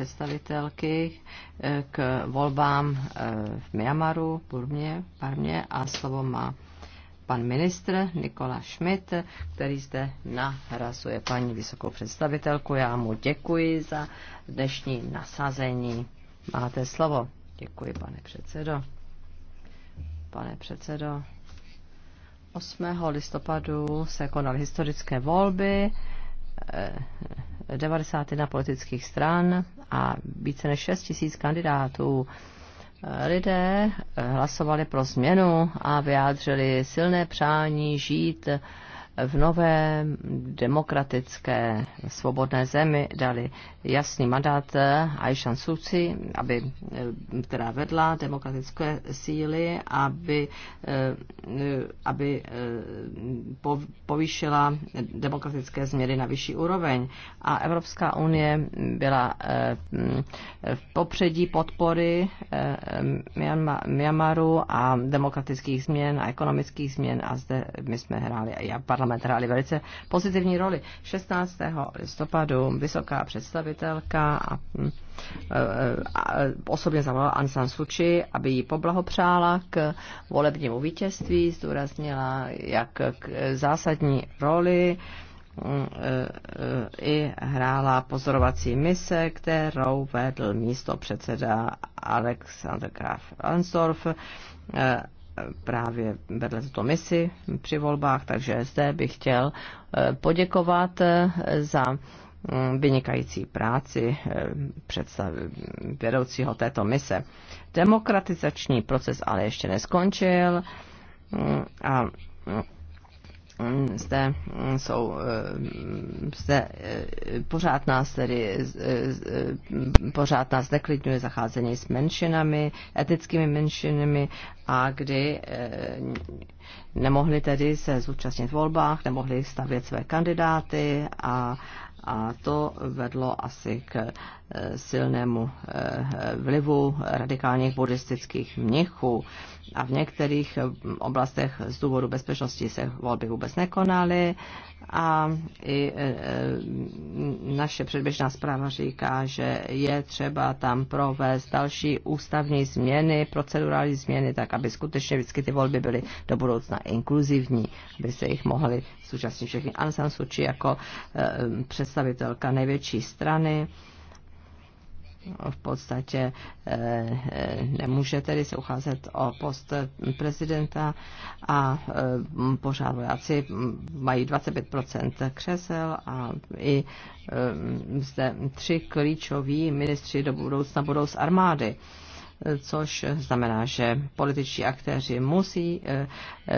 představitelky eh, k volbám eh, v Myanmaru, Burmě, Parmě a slovo má pan ministr Nikola Schmidt, který zde nahrazuje paní vysokou představitelku. Já mu děkuji za dnešní nasazení. Máte slovo. Děkuji, pane předsedo. Pane předsedo, 8. listopadu se konaly historické volby. 91 eh, politických stran a více než 6 tisíc kandidátů. Lidé hlasovali pro změnu a vyjádřili silné přání žít v nové demokratické svobodné zemi dali jasný mandát eh, Aishan Suci, aby, eh, která vedla demokratické síly, aby, eh, aby povýšila demokratické změny na vyšší úroveň. A Evropská unie byla v popředí podpory Myanmaru a demokratických změn a ekonomických změn a zde my jsme hráli a já parlament parlament hráli velice pozitivní roli. 16. listopadu vysoká představitelka a, mm, e, e, a, osobně zavolala Ansan Suči, aby ji poblahopřála k volebnímu vítězství, zdůraznila jak k zásadní roli mm, e, i hrála pozorovací mise, kterou vedl místo předseda Alexander Graf Ransdorf právě vedle tuto misi při volbách, takže zde bych chtěl eh, poděkovat eh, za mm, vynikající práci eh, představ, vedoucího této mise. Demokratizační proces ale ještě neskončil mm, a mm, Hm, zde hm, jsou, eh, zde eh, pořád nás tedy, eh, pořád nás neklidňuje zacházení s menšinami, etnickými menšinami a kdy nemohli tedy se zúčastnit v volbách, nemohli stavět své kandidáty a a to vedlo asi k eh, silnému eh, vlivu radikálních buddhistických mnichů. A v některých hm, oblastech z důvodu bezpečnosti se volby vůbec nekonaly a i e, e, naše předběžná zpráva říká, že je třeba tam provést další ústavní změny, procedurální změny, tak aby skutečně vždycky ty volby byly do budoucna inkluzivní, aby se jich mohli zúčastnit všechny. Ansan Suči Suu Kyi jako e, představitelka největší strany, v podstatě eh, eh, nemůže tedy se ucházet o post prezidenta a eh, pořád vojáci mají 25% křesel a i zde tři klíčoví ministři do budoucna budou z armády což znamená, že političtí aktéři musí eh,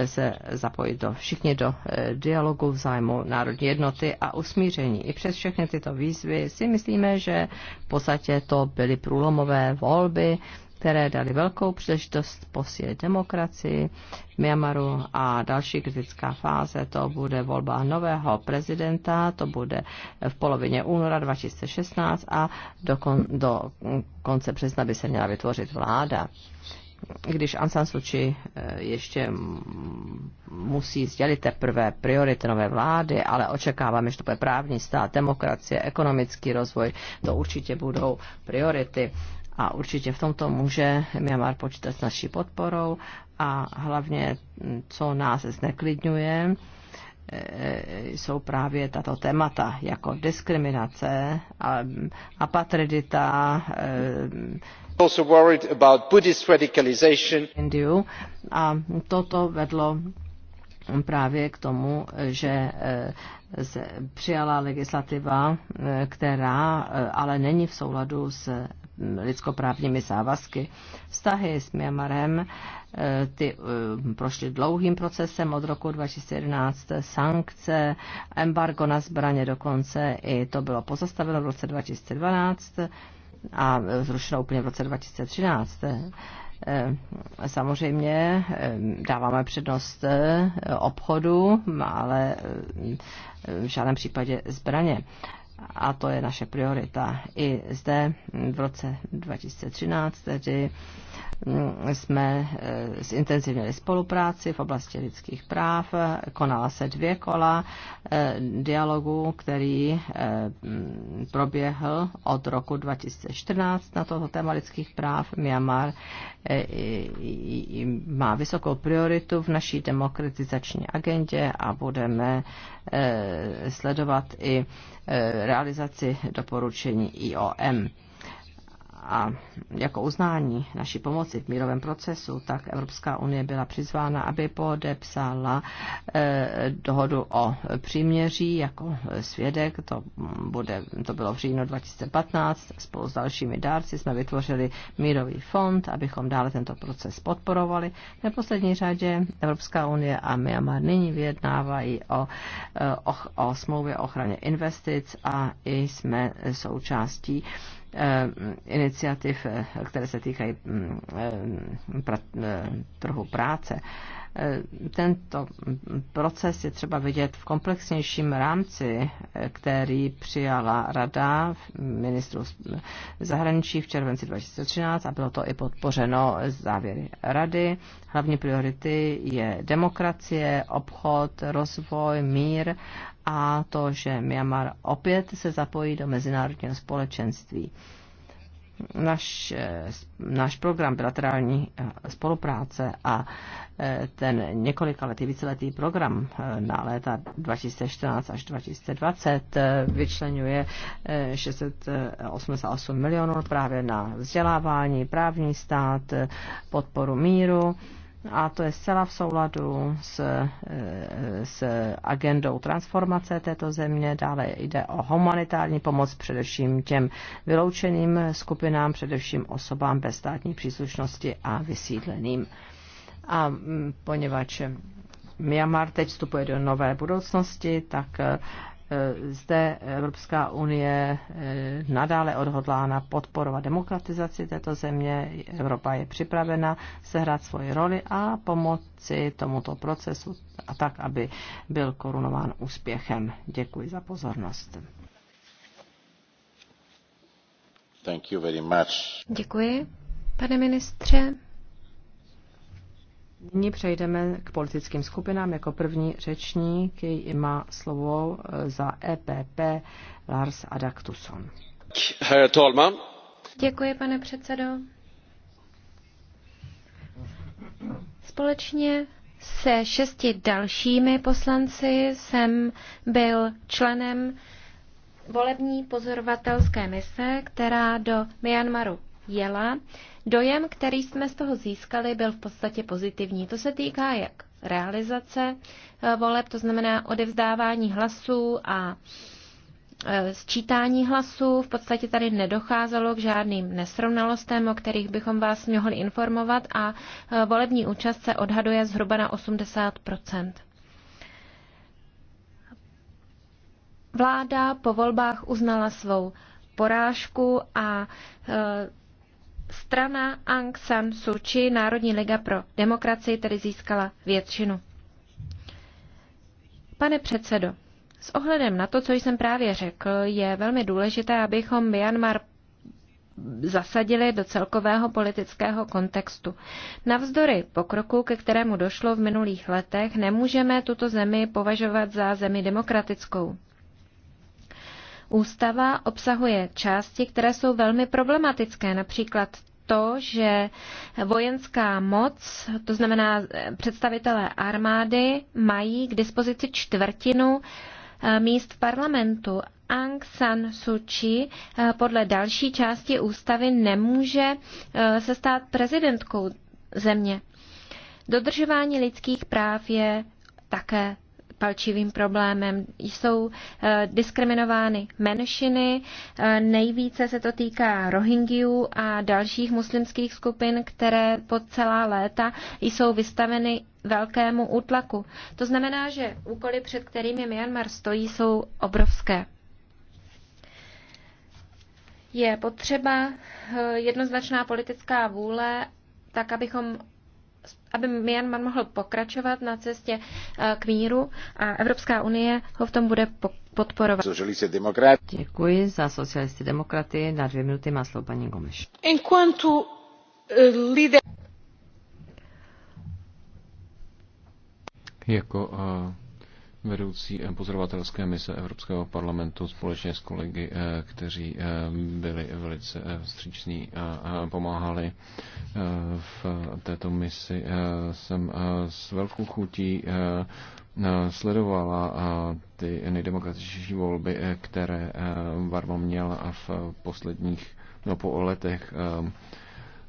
se zapojit do, všichni do eh, dialogu v zájmu národní jednoty a usmíření. I přes všechny tyto výzvy si myslíme, že v podstatě to byly průlomové volby, které dali velkou příležitost posílit demokracii v Myanmaru a další kritická fáze, to bude volba nového prezidenta, to bude v polovině února 2016 a do, konce března by se měla vytvořit vláda když Ansan Suči eh, ještě musí sdělit teprve priority nové vlády, ale očekáváme, že to bude právní stát, demokracie, ekonomický rozvoj, to určitě budou priority a určitě v tomto může Myanmar počítat s naší podporou a hlavně, mm, co nás zneklidňuje, eh, jsou právě tato témata, jako diskriminace, a mm, apatridita, eh, also worried about Buddhist Indiu. A toto vedlo mm, právě k tomu, že eh, přijala legislativa, která ale není v souladu s lidskoprávními závazky. Vztahy s Myanmarem eh, ty eh, prošly dlouhým procesem od roku 2011, sankce, embargo na zbraně dokonce, i to bylo pozastaveno v roce 2012 a zrušeno úplně v roce 2013. Eh, samozřejmě dáváme přednost obchodu, ale v žádném případě zbraně a to je naše priorita. I zde v roce 2013 tedy jsme eh, zintenzivnili spolupráci v oblasti lidských práv. Konala se dvě kola eh, dialogu, který eh, proběhl od roku 2014 na toto téma lidských práv. Myanmar má vysokou prioritu v naší demokratizační agendě a budeme sledovat i realizaci doporučení IOM a jako uznání naší pomoci v mírovém procesu, tak Evropská unie byla přizvána, aby podepsala eh, dohodu o příměří jako svědek. To, bude, to bylo v říjnu 2015. Spolu s dalšími dárci jsme vytvořili mírový fond, abychom dále tento proces podporovali. V neposlední řadě Evropská unie a Myanmar nyní vyjednávají o, eh, o, o smlouvě o ochraně investic a i jsme součástí Eh, iniciativ, eh, které se týkají mm, eh, trhu práce. Eh, tento proces je třeba vidět v komplexnějším rámci, eh, který přijala Rada ministrů zahraničí v červenci 2013 a bylo to i podpořeno závěry Rady. Hlavní priority je demokracie, obchod, rozvoj, mír a to, že Myanmar opět se zapojí do mezinárodního společenství naš, náš program bilaterální eh, spolupráce a eh, ten několikaletý, víceletý program eh, na léta 2014 až 2020 vyčlenuje 688 milionů právě na vzdělávání, právní stát, podporu míru, a to je zcela v souladu s, eh, s agendou transformace této země. Dále jde o humanitární pomoc především těm vyloučeným skupinám, především osobám bez státní příslušnosti a vysídleným. A mm, poněvadž Myanmar teď vstupuje do nové budoucnosti, tak eh, Eh, zde Evropská unie eh, nadále odhodlána podporovat demokratizaci této země. Evropa je připravena sehrát svoji roli a pomoci tomuto procesu a tak, aby byl korunován úspěchem. Děkuji za pozornost. Thank you very much. Děkuji, pane ministře. Nyní přejdeme k politickým skupinám. Jako první řečník má slovo e, za EPP Lars Adaktuson. Herr Děkuji, pane předsedo. Společně se šesti dalšími poslanci jsem byl členem volební pozorovatelské mise, která do Myanmaru jela. Dojem, který jsme z toho získali, byl v podstatě pozitivní. To se týká jak realizace eh, voleb, to znamená odevzdávání hlasů a eh, sčítání hlasů. V podstatě tady nedocházelo k žádným nesrovnalostem, o kterých bychom vás mohli informovat a eh, volební účast se odhaduje zhruba na 80 Vláda po volbách uznala svou porážku a strana Aung San Suu Kyi, Národní liga pro demokracii, tedy získala většinu. Pane předsedo, s ohledem na to, co jsem právě řekl, je velmi důležité, abychom Myanmar zasadili do celkového politického kontextu. Navzdory pokroku, ke kterému došlo v minulých letech, nemůžeme tuto zemi považovat za zemi demokratickou. Ústava obsahuje části, které jsou velmi problematické, například to, že vojenská moc, to znamená eh, představitelé armády, mají k dispozici čtvrtinu eh, míst v parlamentu. Aung San Suu Kyi eh, podle další části ústavy nemůže se stát prezidentkou země. Dodržování lidských práv je také palčivým problémem. Jsou eh, diskriminovány menšiny, eh, nejvíce se to týká Rohingyů a dalších muslimských skupin, které po celá léta jsou vystaveny velkému útlaku. To znamená, že úkoly, před kterými Myanmar stojí, jsou obrovské je potřeba eh, jednoznačná politická vůle, tak abychom aby Myanmar mohl pokračovat na cestě eh, k míru a Evropská unie ho v tom bude podporovat. Děkuji za socialisty demokraty. Na dvě minuty má slovo paní Gomeš. Eh, jako uh, vedoucí eh, pozorovatelské mise Evropského parlamentu společně s kolegy, eh, kteří eh, byli velice vstřícní a pomáhali v této misi. Jsem s velkou chutí sledovala ty nejdemokratičnější volby, které Varma měla v posledních, no po letech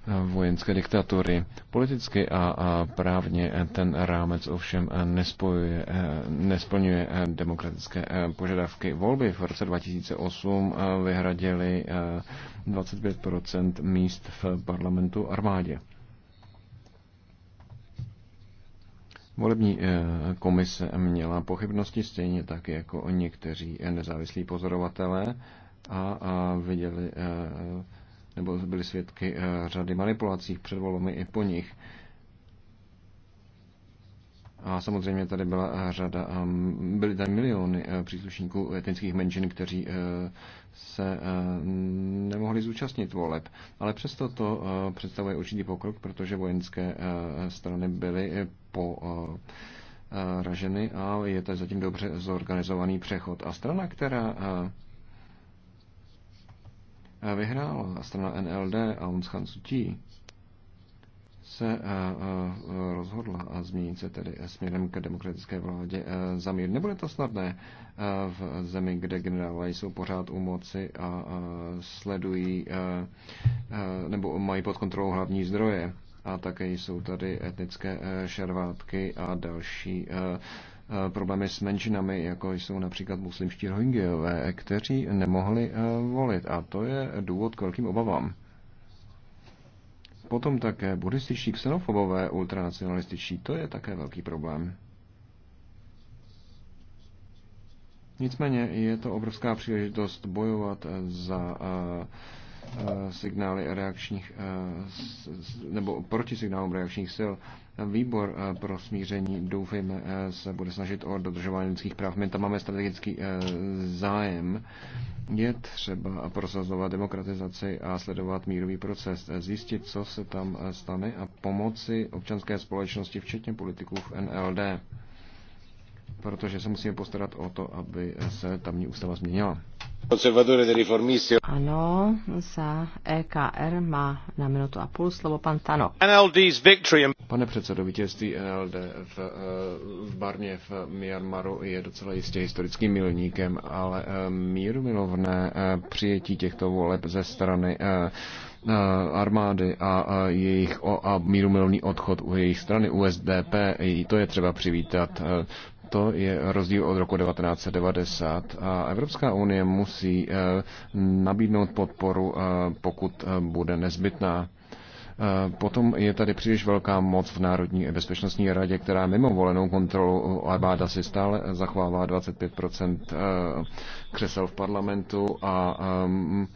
vojenské diktatury. Politicky a, právně ten rámec ovšem nespojuje, eh, nesplňuje eh, demokratické eh, požadavky. Volby v roce 2008 vyhradili 25 míst v parlamentu armádě. Volební komise měla pochybnosti stejně tak jako někteří nezávislí pozorovatelé a viděli nebo byli svědky eh, řady manipulací před volbami i po nich. A samozřejmě tady byla eh, řada, eh, byly tady miliony příslušníků etnických menšin, kteří se nemohli zúčastnit voleb. Ale přesto to představuje určitý pokrok, protože vojenské strany byly po raženy a je to zatím dobře zorganizovaný přechod. A strana, která vyhrála strana NLD a Aung San Suu Kyi, se eh, eh, rozhodla a změnit se tedy směrem k demokratické vládě eh, za mír. Nebude to snadné v zemi, kde generálové jsou pořád u moci a sledují nebo mají pod kontrolou hlavní zdroje. A také jsou tady etnické šervátky a další Eh, problémy s menšinami, jako jsou například muslimští rohingyové, eh, kteří nemohli eh, volit. A to je důvod k velkým obavám. Potom také buddhističtí xenofobové, ultranacionalističtí, to je také velký problém. Nicméně je to obrovská příležitost bojovat za uh, Eh, signály reakčních, eh, nebo proti signálům reakčních sil. Výbor eh, pro smíření, doufejme, se bude snažit o dodržování lidských práv. My tam máme strategický zájem. Je třeba prosazovat demokratizaci a sledovat mírový proces, zjistit, co se tam stane a pomoci občanské společnosti, včetně politiků v NLD protože se musíme postarat o to, aby se tamní ústava změnila. Ano, za EKR má na minutu a půl slovo pan Tano. Pane předsedo, vítězství NLD v, eh, v Barně v Myanmaru je docela jistě historickým milníkem, ale eh, míru milovné eh, přijetí těchto voleb ze strany armády a jejich a mírumilovný odchod u jejich strany USDP, to je třeba přivítat to je rozdíl od roku 1990 a Evropská unie musí eh, nabídnout podporu, eh, pokud eh, bude nezbytná. Potom je tady příliš velká moc v Národní bezpečnostní radě, která mimo volenou kontrolu armáda si stále zachovává 25 křesel v parlamentu a ehm,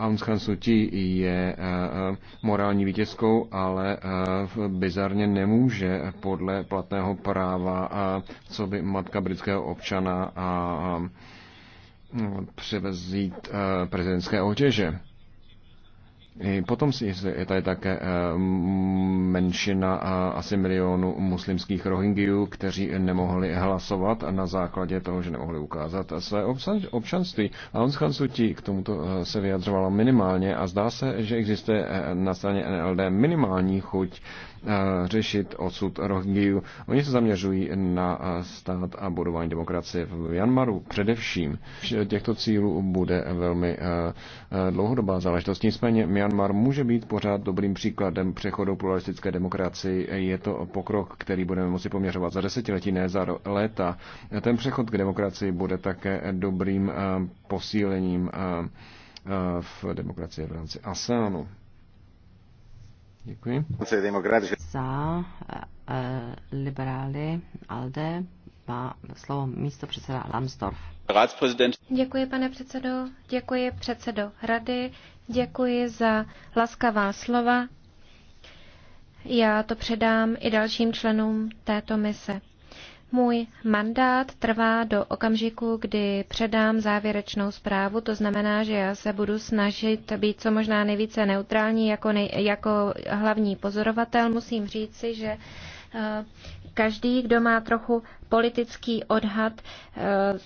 Aung San Suu Kyi je eh, eh, morální vítězkou, ale eh, bizarně nemůže podle platného práva, co by matka britského občana převezít prezidentské otěže. Potom je tady také eh, menšina eh, asi milionu muslimských rohingyů, kteří nemohli hlasovat na základě toho, že nemohli ukázat své občanství. A on Suti k tomuto eh, se vyjadřovala minimálně a zdá se, že existuje na straně NLD minimální chuť Eh, řešit odsud Rohingyů. Oni se zaměřují na eh, stát a budování demokracie v Janmaru především. Těchto cílů bude velmi eh, dlouhodobá záležitost. Nicméně Myanmar může být pořád dobrým příkladem přechodu pluralistické demokracii. Je to pokrok, který budeme moci poměřovat za desetiletí, ne za léta. Ten přechod k demokracii bude také dobrým posílením v demokracii v rámci ASEANu. Děkuji. Za eh, liberály ALDE má slovo místo předseda Lambsdorff. Děkuji, pane předsedo, děkuji předsedo rady, děkuji za laskavá slova. Já to předám i dalším členům této mise. Můj mandát trvá do okamžiku, kdy předám závěrečnou zprávu, to znamená, že já se budu snažit být co možná nejvíce neutrální jako, nej, jako hlavní pozorovatel. Musím říci, že eh, každý, kdo má trochu politický odhad, eh,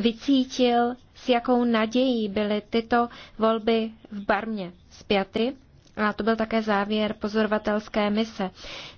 vycítil, s jakou nadějí byly tyto volby v Barmě zpěty. A to byl také závěr pozorovatelské mise.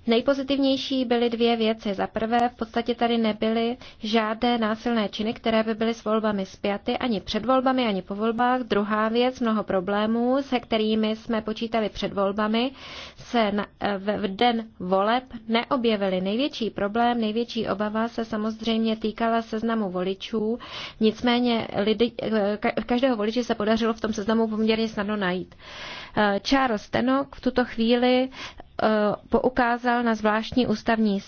Nejpozitivnější byly dvě věci. Za prvé, v podstatě tady nebyly žádné násilné činy, které by byly s volbami spjaty, ani před volbami, ani po volbách. Druhá věc, mnoho problémů, se kterými jsme počítali před volbami, se na, v, v den voleb neobjevily. Největší problém, největší obava se samozřejmě týkala seznamu voličů, nicméně lidi, eh, každého voliče se podařilo v tom seznamu poměrně snadno najít. Eh, Charles Stenok v tuto chvíli eh, poukázal na zvláštní ústavní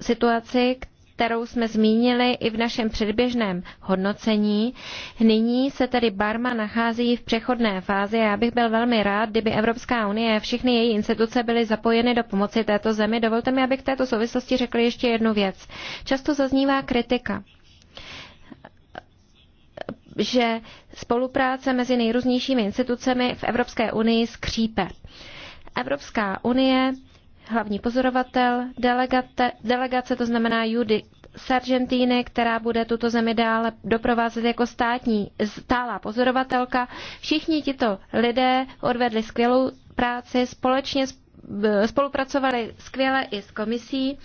situaci, kterou jsme zmínili i v našem předběžném hodnocení. Nyní se tedy Barma nachází v přechodné fázi a já bych byl velmi rád, kdyby Evropská unie a všechny její instituce byly zapojeny do pomoci této zemi. Dovolte mi, abych v této souvislosti řekl ještě jednu věc. Často zaznívá kritika že spolupráce mezi nejrůznějšími institucemi v Evropské unii skřípe. Evropská unie, hlavní pozorovatel, delegate, delegace, to znamená Judy z Argentíny, která bude tuto zemi dále doprovázet jako státní stálá pozorovatelka. Všichni tito lidé odvedli skvělou práci, společně spolupracovali skvěle i s komisí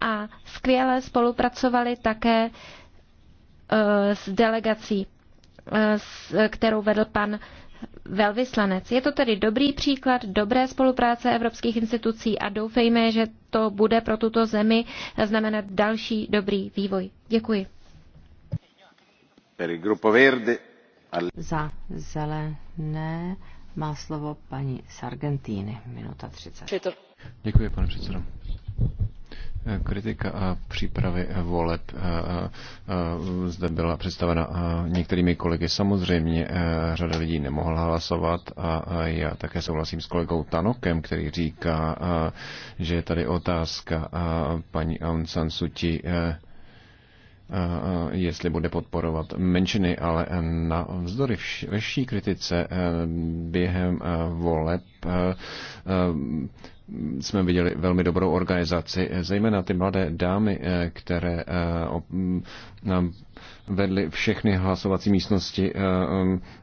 a skvěle spolupracovali také eh, s delegací Eh, kterou vedl pan velvyslanec. Je to tedy dobrý příklad dobré spolupráce evropských institucí a doufejme, že to bude pro tuto zemi znamenat další dobrý vývoj. Děkuji. Za zelené má slovo paní Sargentini. Minuta 30. Děkuji, pane předsedo. Eh, kritika a přípravy eh, voleb eh, zde byla představena některými kolegy. Samozřejmě řada lidí nemohla hlasovat a já také souhlasím s kolegou Tanokem, který říká, že je tady otázka paní Aung San Suu Kyi jestli bude podporovat menšiny, ale na vzdory vší kritice e, během e, voleb e, jsme viděli velmi dobrou organizaci, zejména ty mladé dámy, které vedly všechny hlasovací místnosti.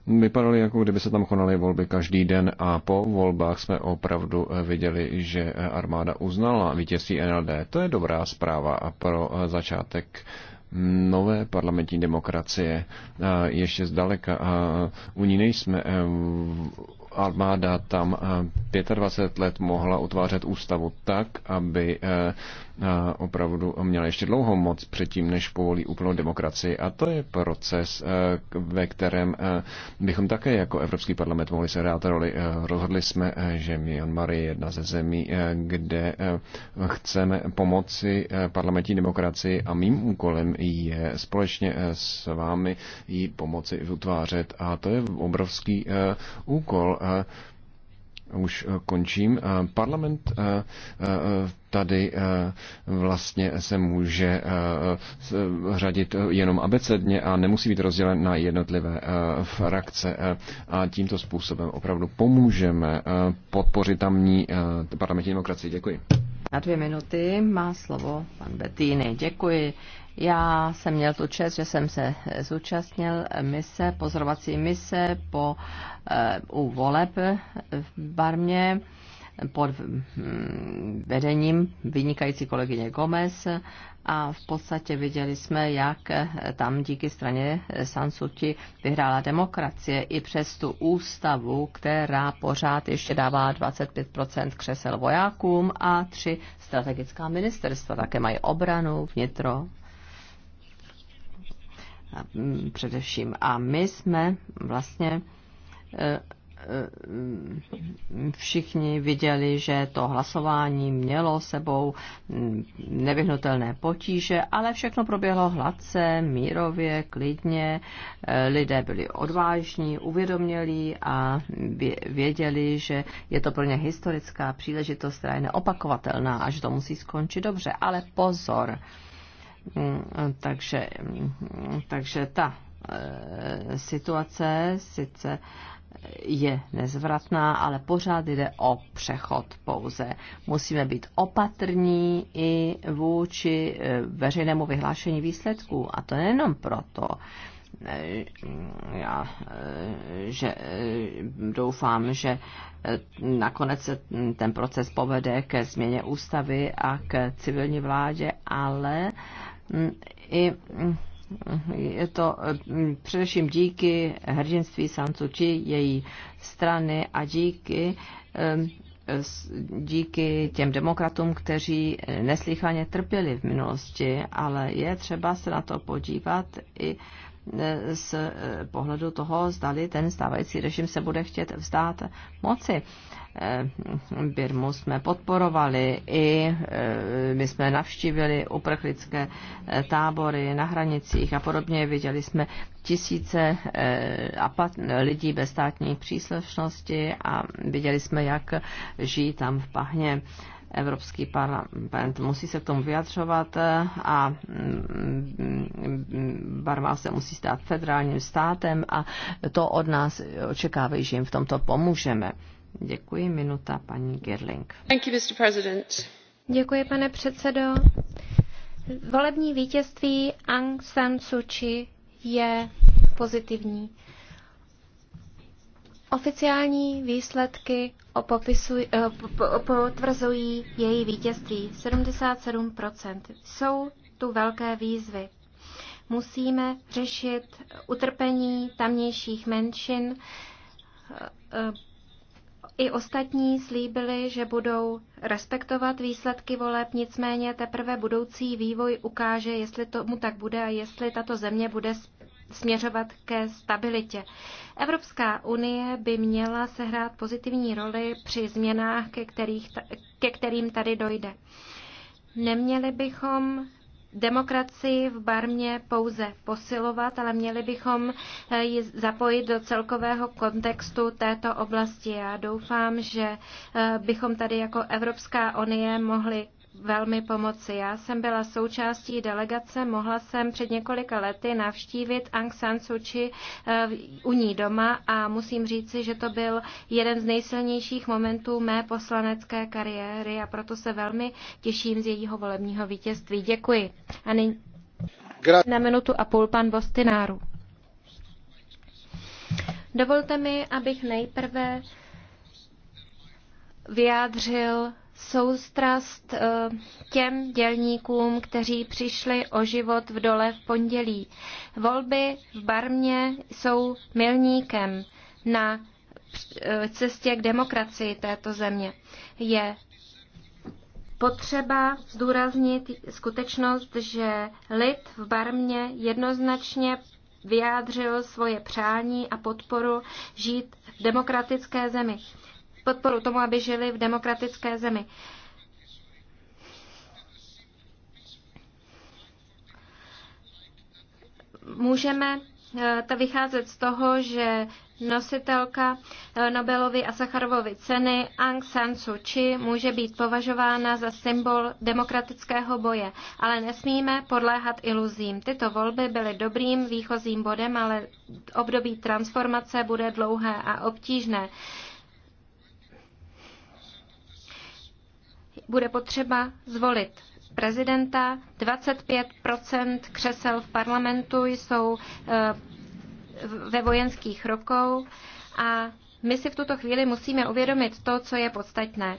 Vypadaly, jako kdyby se tam konaly volby každý den a po volbách jsme opravdu viděli, že armáda uznala vítězství NLD. To je dobrá zpráva pro začátek nové parlamentní demokracie. Eh, ještě zdaleka eh, u ní nejsme eh, armáda tam 25 eh, let mohla utvářet ústavu tak, aby eh, eh, opravdu měla ještě dlouho moc předtím, než povolí úplnou demokracii. A to je proces, ve kterém bychom také jako Evropský parlament mohli se hrát roli. Rozhodli jsme, že Myanmar je jedna ze zemí, kde chceme pomoci parlamentní demokracii a mým úkolem je společně s vámi ji pomoci utvářet. A to je obrovský úkol, už eh, končím. Eh, parlament eh, tady vlastně se může řadit jenom abecedně a nemusí být rozdělen na jednotlivé frakce. A tímto způsobem opravdu pomůžeme podpořit tamní parlamentní demokracii. Děkuji. Na dvě minuty má slovo pan Betýny. Děkuji. Já jsem měl tu čest, že jsem se zúčastnil mise, pozorovací mise po, eh, u voleb v Barmě pod hm, vedením vynikající kolegyně Gomez a v podstatě viděli jsme, jak eh, tam díky straně eh, Sansuti vyhrála demokracie i přes tu ústavu, která pořád ještě dává 25% křesel vojákům a tři strategická ministerstva také mají obranu, vnitro Mm, především. A my jsme vlastně e, e, všichni viděli, že to hlasování mělo sebou mm, nevyhnutelné potíže, ale všechno proběhlo hladce, mírově, klidně. E, lidé byli odvážní, uvědomělí a věděli, že je to pro ně historická příležitost, která je neopakovatelná a že to musí skončit dobře. Ale pozor, Mm, takže, mm, takže ta eh, situace sice je nezvratná, ale pořád jde o přechod pouze. Musíme být opatrní i vůči eh, veřejnému vyhlášení výsledků. A to nejenom proto, eh, já, že doufám, že nakonec se ten proces povede ke změně ústavy a k civilní vládě, ale Mm, i mm, je to mm, především díky hrdinství San Suu Kyi, její strany a díky díky těm demokratům, kteří neslychaně trpěli v minulosti, ale je třeba se na to podívat i z eh, pohledu toho, zdali ten stávající režim se bude chtět vzdát moci. Eh, Birmu jsme podporovali i eh, my jsme navštívili uprchlické tábory na hranicích a podobně. Viděli jsme tisíce lidí bez státní příslušnosti a viděli jsme, jak žijí tam v pahně. Evropský parlament musí se k tomu vyjadřovat eh, a mm, Barma se musí stát federálním státem a to od nás očekávají, že jim v tomto pomůžeme. Děkuji, minuta paní Gerling. Thank you, Mr. President. Děkuji, pane předsedo. Volební vítězství Aung San Suu Kyi je pozitivní. Oficiální výsledky Eh, potvrzují její vítězství. 77% jsou tu velké výzvy. Musíme řešit utrpení tamnějších menšin. Eh, eh, I ostatní slíbili, že budou respektovat výsledky voleb, nicméně teprve budoucí vývoj ukáže, jestli tomu tak bude a jestli tato země bude směřovat ke stabilitě. Evropská unie by měla sehrát pozitivní roli při změnách, ke, kterých, ke kterým tady dojde. Neměli bychom demokracii v Barmě pouze posilovat, ale měli bychom eh, ji zapojit do celkového kontextu této oblasti. Já doufám, že eh, bychom tady jako Evropská unie mohli velmi pomoci. Já jsem byla součástí delegace, mohla jsem před několika lety navštívit Aung San Suu Kyi eh, u ní doma a musím říci, že to byl jeden z nejsilnějších momentů mé poslanecké kariéry a proto se velmi těším z jejího volebního vítězství. Děkuji. A nyní na minutu a půl pan Bostináru. Dovolte mi, abych nejprve vyjádřil soustrast eh, těm dělníkům, kteří přišli o život v dole v pondělí. Volby v Barmě jsou milníkem na eh, cestě k demokracii této země. Je potřeba zdůraznit skutečnost, že lid v Barmě jednoznačně vyjádřil svoje přání a podporu žít v demokratické zemi podporu tomu, aby žili v demokratické zemi. Můžeme eh, to vycházet z toho, že nositelka eh, Nobelovy a Sacharovovy ceny Aung San Suu Kyi může být považována za symbol demokratického boje, ale nesmíme podléhat iluzím. Tyto volby byly dobrým výchozím bodem, ale období transformace bude dlouhé a obtížné. bude potřeba zvolit prezidenta. 25 křesel v parlamentu jsou eh, ve vojenských rokou a my si v tuto chvíli musíme uvědomit to, co je podstatné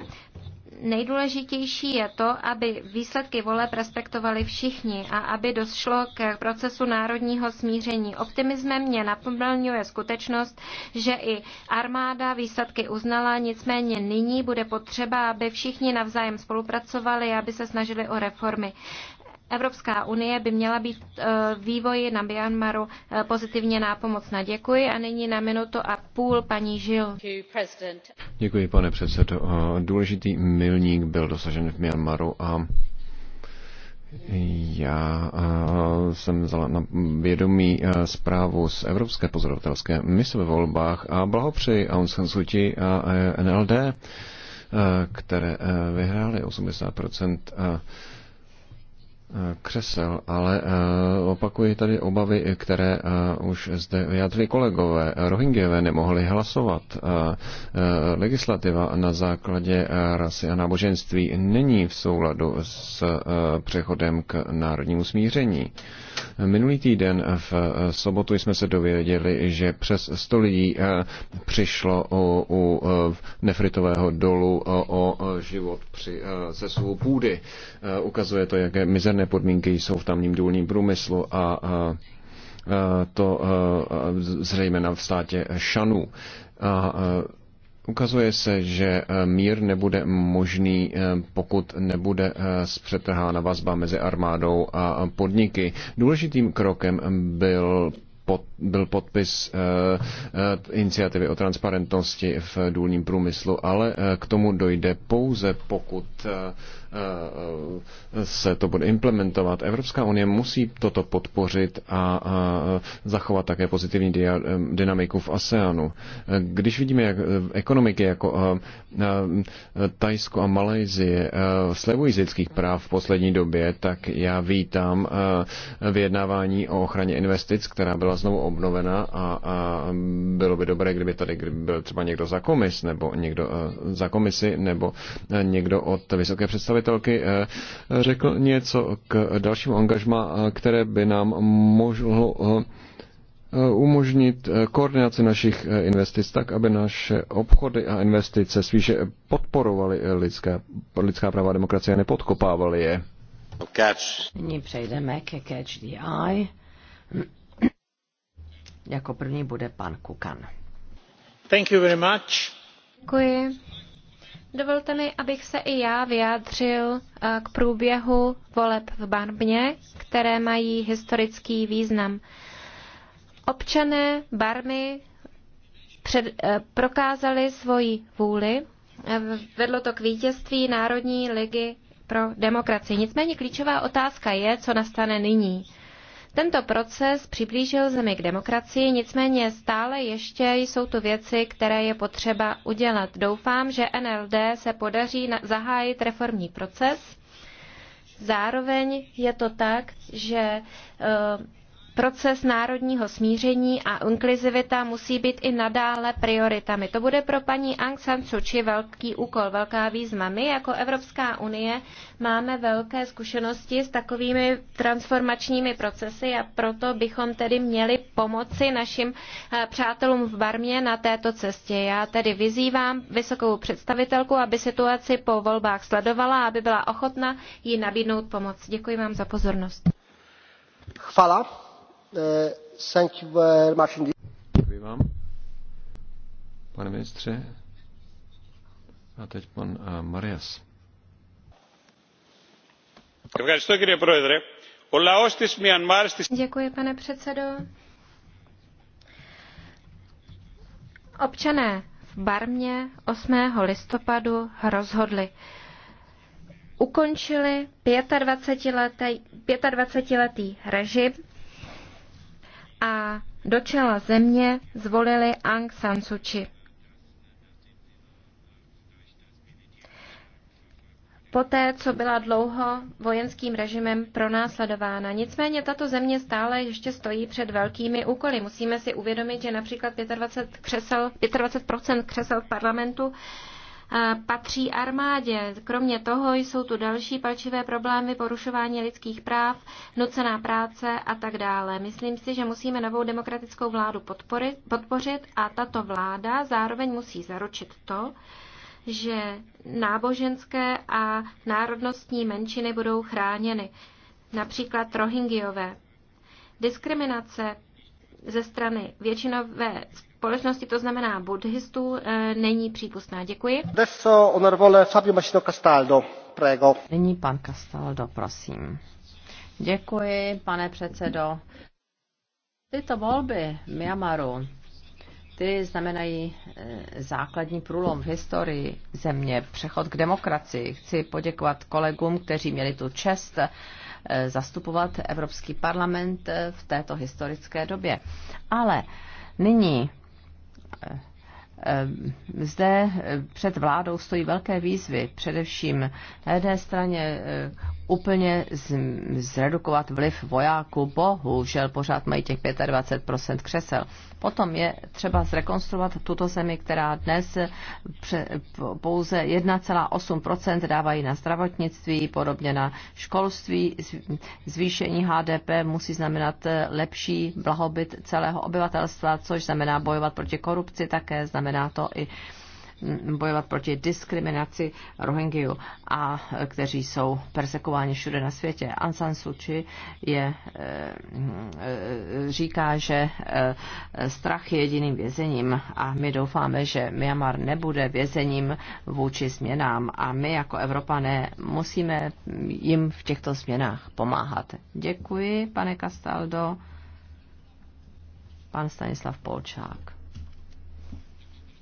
nejdůležitější je to, aby výsledky voleb respektovali všichni a aby došlo k procesu národního smíření. Optimismem mě naplňuje skutečnost, že i armáda výsledky uznala, nicméně nyní bude potřeba, aby všichni navzájem spolupracovali, aby se snažili o reformy. Evropská unie by měla být eh, vývoji na Myanmaru eh, pozitivně nápomocna. Děkuji a nyní na minutu a půl paní Žil. Děkuji, pane předsedo. Eh, důležitý milník byl dosažen v Myanmaru a já jsem vzal na vědomí zprávu z Evropské pozorovatelské mise ve volbách a blahopřeji Aung San Suu Kyi a NLD, které vyhrály 80 křesel, ale eh, opakuji tady obavy, které eh, už zde vyjádřili kolegové. Rohingyové nemohli hlasovat. Eh, legislativa na základě rasy a náboženství není v souladu s přechodem k národnímu smíření. Minulý týden v eh, sobotu jsme se dověděli, že přes 100 lidí eh, přišlo o, u eh, nefritového dolu o, o život při sesuvu půdy. Ukazuje to, jaké mizerné podmínky jsou v tamním důlním průmyslu a to zřejmě na státě Šanů. A Ukazuje se, že eh, mír nebude možný, eh, pokud nebude eh, zpřetrhána vazba mezi armádou a podniky. Důležitým krokem byl byl podpis uh, uh, iniciativy o transparentnosti v důlním průmyslu, ale uh, k tomu dojde pouze pokud uh, Eh, eh, se to bude implementovat. Evropská unie musí toto podpořit a eh, zachovat také pozitivní dynamiku v ASEANu. Když vidíme jak ekonomiky jako Tajsko a Malajzie slevují z lidských práv v poslední době, tak já vítám vyjednávání o ochraně investic, která byla znovu obnovena a bylo by dobré, kdyby tady byl třeba někdo za komis nebo někdo za komisi nebo někdo od vysoké představitelky ředitelky eh, řekl něco k dalšímu angažma, eh, které by nám mohlo eh, umožnit koordinaci našich investic tak, aby naše obchody a investice spíše podporovaly lidská, lidská práva a demokracie a nepodkopávaly je. Catch. Nyní přejdeme ke Catch the Eye. Jako první bude pan Kukan. Thank you very much. Děkuji. Dovolte mi, abych se i já vyjádřil eh, k průběhu voleb v Barmě, které mají historický význam. Občané Barmy před, eh, prokázali svoji vůli. Eh, vedlo to k vítězství Národní ligy pro demokracii. Nicméně klíčová otázka je, co nastane nyní. Tento proces přiblížil zemi k demokracii, nicméně stále ještě jsou tu věci, které je potřeba udělat. Doufám, že NLD se podaří zahájit reformní proces. Zároveň je to tak, že eh, Proces národního smíření a inkluzivita musí být i nadále prioritami. To bude pro paní Aung San Suu Kyi velký úkol, velká výzva. My jako Evropská unie máme velké zkušenosti s takovými transformačními procesy a proto bychom tedy měli pomoci našim eh, přátelům v Barmě na této cestě. Já tedy vyzývám vysokou představitelku, aby situaci po volbách sledovala, aby byla ochotna jí nabídnout pomoc. Děkuji vám za pozornost. Chvala. Eh, Děkuji vám. Pane ministře. A teď pan eh, Marias. Děkuji, pane předsedo. Občané v Barmě 8. listopadu rozhodli. Ukončili 25-letý 25 režim a do čela země zvolili Aung San Suu Kyi. poté, co byla dlouho vojenským režimem pronásledována. Nicméně tato země stále ještě stojí před velkými úkoly. Musíme si uvědomit, že například 25, křesel, 25 křesel v parlamentu patří armádě. Kromě toho jsou tu další palčivé problémy, porušování lidských práv, nucená práce a tak dále. Myslím si, že musíme novou demokratickou vládu podporit, podpořit a tato vláda zároveň musí zaručit to, že náboženské a národnostní menšiny budou chráněny, například rohingyové. Diskriminace ze strany většinové společnosti, to znamená buddhistů, eh, není přípustná. Děkuji. Adesso onorevole Fabio Machino Castaldo, prego. Nyní pan Castaldo, prosím. Děkuji, pane předsedo. Tyto volby v Myanmaru, ty znamenají eh, základní průlom v historii země, přechod k demokracii. Chci poděkovat kolegům, kteří měli tu čest eh, zastupovat Evropský parlament v této historické době. Ale nyní Eh, eh, zde eh, před vládou stojí velké výzvy, především na jedné straně úplně zredukovat vliv vojáků. Bohužel pořád mají těch 25% křesel. Potom je třeba zrekonstruovat tuto zemi, která dnes pouze 1,8% dávají na zdravotnictví, podobně na školství. Zvýšení HDP musí znamenat lepší blahobyt celého obyvatelstva, což znamená bojovat proti korupci, také znamená to i bojovat proti diskriminaci Rohingyů, a kteří jsou persekováni všude na světě. Ansan Suči je, eh, eh, říká, že eh, strach je jediným vězením a my doufáme, že Myanmar nebude vězením vůči změnám a my jako Evropané musíme jim v těchto změnách pomáhat. Děkuji, pane Castaldo. Pan Stanislav Polčák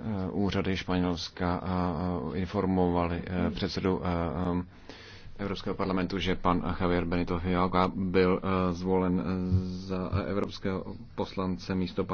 Eh, úřady Španělska eh, eh, informovali předsedu Evropského parlamentu, že pan Javier Benito Fialga byl zvolen za evropského poslance místo